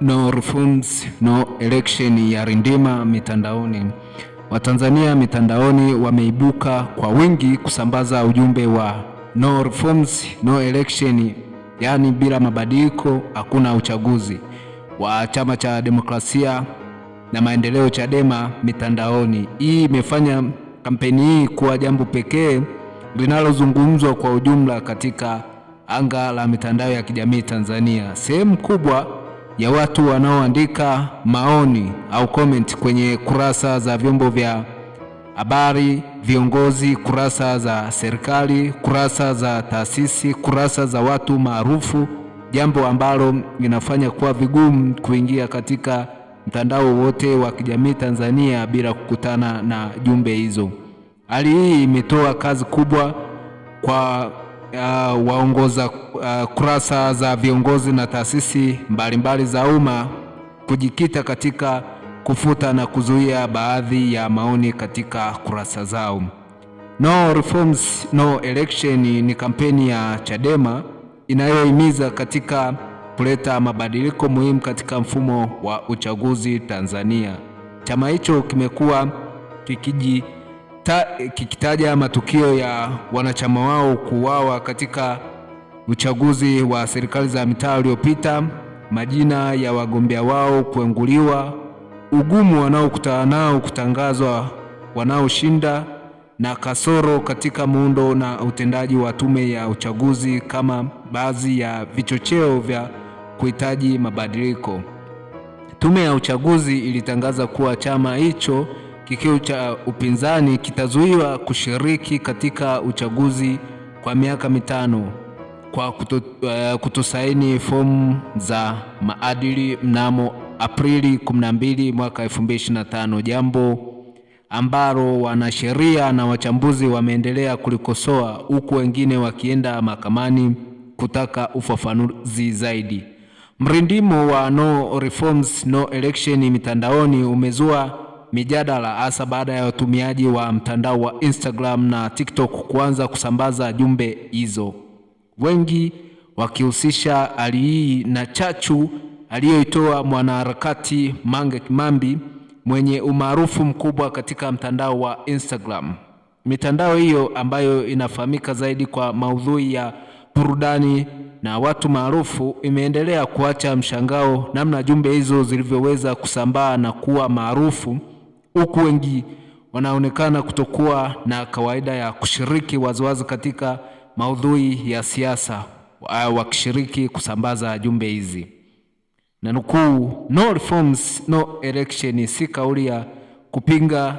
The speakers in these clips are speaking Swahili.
No refunds, no election ya Rindima mitandaoni. Watanzania mitandaoni wameibuka kwa wingi kusambaza ujumbe wa no reforms, no election, yaani bila mabadiliko hakuna uchaguzi wa Chama cha Demokrasia na Maendeleo Chadema mitandaoni. Hii imefanya kampeni hii kuwa jambo pekee linalozungumzwa kwa ujumla katika anga la mitandao ya kijamii Tanzania. Sehemu kubwa ya watu wanaoandika maoni au comment kwenye kurasa za vyombo vya habari, viongozi, kurasa za serikali, kurasa za taasisi, kurasa za watu maarufu, jambo ambalo linafanya kuwa vigumu kuingia katika mtandao wote wa kijamii Tanzania bila kukutana na jumbe hizo. Hali hii imetoa kazi kubwa kwa uh, waongoza uh, kurasa za viongozi na taasisi mbalimbali za umma kujikita katika kufuta na kuzuia baadhi ya maoni katika kurasa zao. No reforms, no election ni kampeni ya Chadema inayohimiza katika kuleta mabadiliko muhimu katika mfumo wa uchaguzi Tanzania. Chama hicho kimekuwa kikiji kikitaja matukio ya wanachama wao kuuawa katika uchaguzi wa serikali za mitaa uliopita, majina ya wagombea wao kuenguliwa, ugumu wanaokutana nao kutangazwa wanaoshinda na kasoro katika muundo na utendaji wa tume ya uchaguzi kama baadhi ya vichocheo vya kuhitaji mabadiliko. Tume ya uchaguzi ilitangaza kuwa chama hicho kikao cha upinzani kitazuiwa kushiriki katika uchaguzi kwa miaka mitano kwa kuto, uh, kutosaini fomu za maadili mnamo Aprili 12 mwaka 2025, jambo ambalo wanasheria na wachambuzi wameendelea kulikosoa huku wengine wakienda mahakamani kutaka ufafanuzi zaidi. Mrindimo wa no reforms no election mitandaoni umezua mijadala hasa baada ya watumiaji wa mtandao wa Instagram na TikTok kuanza kusambaza jumbe hizo, wengi wakihusisha hali hii na chachu aliyoitoa mwanaharakati Mange Kimambi mwenye umaarufu mkubwa katika mtandao wa Instagram. Mitandao hiyo ambayo inafahamika zaidi kwa maudhui ya burudani na watu maarufu imeendelea kuacha mshangao namna jumbe hizo zilivyoweza kusambaa na kuwa maarufu huku wengi wanaonekana kutokuwa na kawaida ya kushiriki waziwazi katika maudhui ya siasa, wakishiriki kusambaza jumbe hizi na nukuu, no reforms no election, si kauli ya kupinga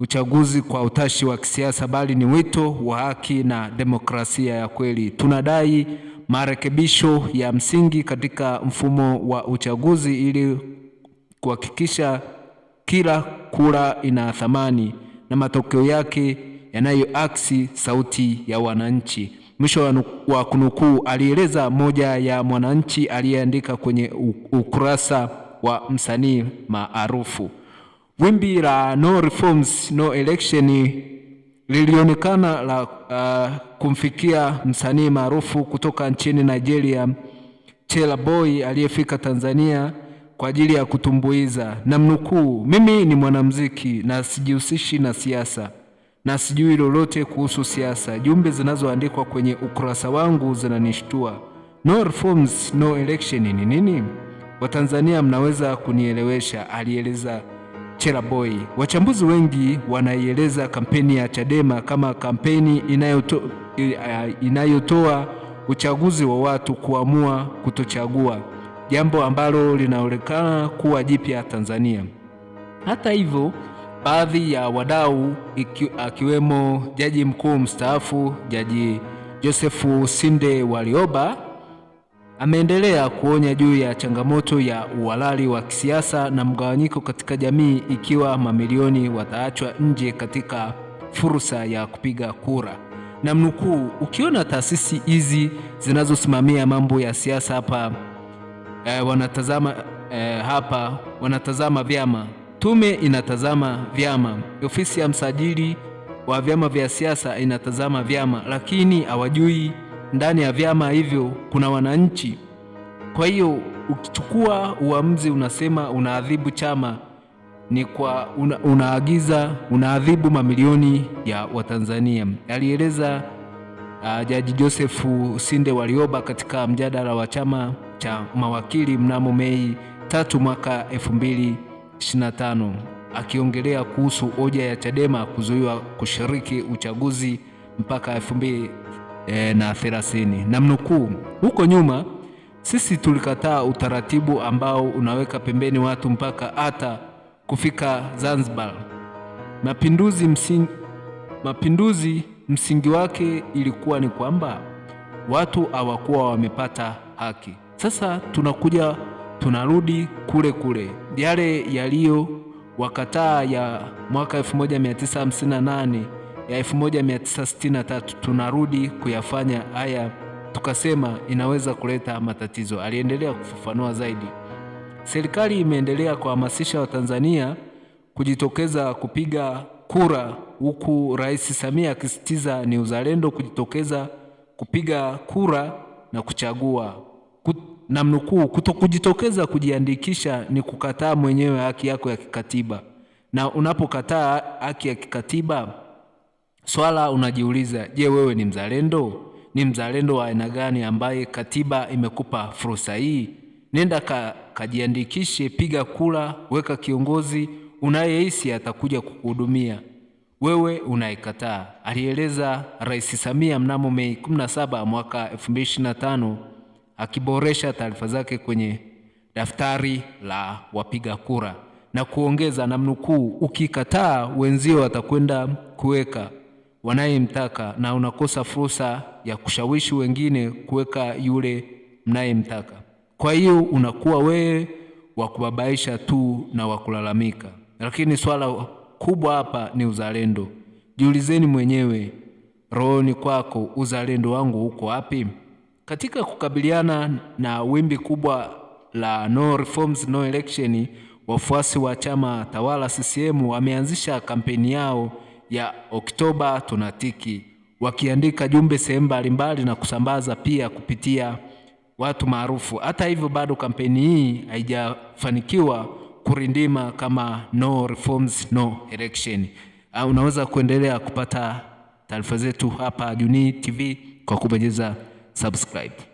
uchaguzi kwa utashi wa kisiasa, bali ni wito wa haki na demokrasia ya kweli. Tunadai marekebisho ya msingi katika mfumo wa uchaguzi ili kuhakikisha kila kura ina thamani na matokeo yake yanayoaksi sauti ya wananchi. Mwisho wa kunukuu, alieleza moja ya mwananchi aliyeandika kwenye ukurasa wa msanii maarufu. Wimbi la no reforms no election lilionekana la uh, kumfikia msanii maarufu kutoka nchini Nigeria Chela Boy aliyefika Tanzania kwa ajili ya kutumbuiza, na mnukuu, mimi ni mwanamuziki na sijihusishi na siasa na sijui lolote kuhusu siasa. Jumbe zinazoandikwa kwenye ukurasa wangu zinanishtua. No reforms no election ni nini? Watanzania mnaweza kunielewesha, alieleza cheraboy Wachambuzi wengi wanaieleza kampeni ya Chadema kama kampeni inayoto, eh, inayotoa uchaguzi wa watu kuamua kutochagua jambo ambalo linaonekana kuwa jipya Tanzania. Hata hivyo, baadhi ya wadau akiwemo jaji mkuu mstaafu Jaji Josefu Sinde Warioba ameendelea kuonya juu ya changamoto ya uhalali wa kisiasa na mgawanyiko katika jamii ikiwa mamilioni wataachwa nje katika fursa ya kupiga kura. Na mnukuu, ukiona taasisi hizi zinazosimamia mambo ya siasa hapa eh, wanatazama eh, hapa wanatazama vyama. Tume inatazama vyama, ofisi ya msajili wa vyama vya siasa inatazama vyama, lakini hawajui ndani ya vyama hivyo kuna wananchi. Kwa hiyo ukichukua uamuzi unasema unaadhibu chama ni kwa una, unaagiza unaadhibu mamilioni ya Watanzania, alieleza uh, Jaji Joseph Sinde Warioba katika mjadala wa chama cha mawakili mnamo Mei tatu mwaka 2025 akiongelea kuhusu hoja ya Chadema kuzuiwa kushiriki uchaguzi mpaka 2030 na mnukuu, huko nyuma sisi tulikataa utaratibu ambao unaweka pembeni watu mpaka hata kufika Zanzibar. Mapinduzi msingi mapinduzi Msingi wake ilikuwa ni kwamba watu hawakuwa wamepata haki. Sasa tunakuja tunarudi kule kule, yale yaliyo wakataa ya mwaka 1958 ya 1963 tunarudi kuyafanya haya, tukasema inaweza kuleta matatizo. Aliendelea kufafanua zaidi. Serikali imeendelea kuhamasisha Watanzania kujitokeza kupiga kura huku Rais Samia akisisitiza ni uzalendo kujitokeza kupiga kura na kuchagua Kut, na mnukuu, kutokujitokeza kujiandikisha ni kukataa mwenyewe haki yako ya kikatiba, na unapokataa haki ya kikatiba swala unajiuliza, je, wewe ni mzalendo? Ni mzalendo wa aina gani ambaye katiba imekupa fursa hii? Nenda ka, kajiandikishe, piga kura, weka kiongozi unayehisi atakuja kukuhudumia wewe unaikataa, alieleza Rais Samia mnamo Mei 17 mwaka 2025 akiboresha taarifa zake kwenye daftari la wapiga kura na kuongeza namnukuu, ukikataa wenzio watakwenda kuweka wanayemtaka na unakosa fursa ya kushawishi wengine kuweka yule mnayemtaka. Kwa hiyo unakuwa wewe wa kubabaisha tu na wa kulalamika, lakini swala kubwa hapa ni uzalendo. Jiulizeni mwenyewe, rohoni kwako uzalendo wangu uko wapi? Katika kukabiliana na wimbi kubwa la no reforms no election, wafuasi wa chama tawala CCM wameanzisha kampeni yao ya Oktoba tunatiki, wakiandika jumbe sehemu mbalimbali na kusambaza pia kupitia watu maarufu. Hata hivyo, bado kampeni hii haijafanikiwa kurindima kama no reforms no election. Ah, unaweza kuendelea kupata taarifa zetu hapa Junii TV kwa kubonyeza subscribe.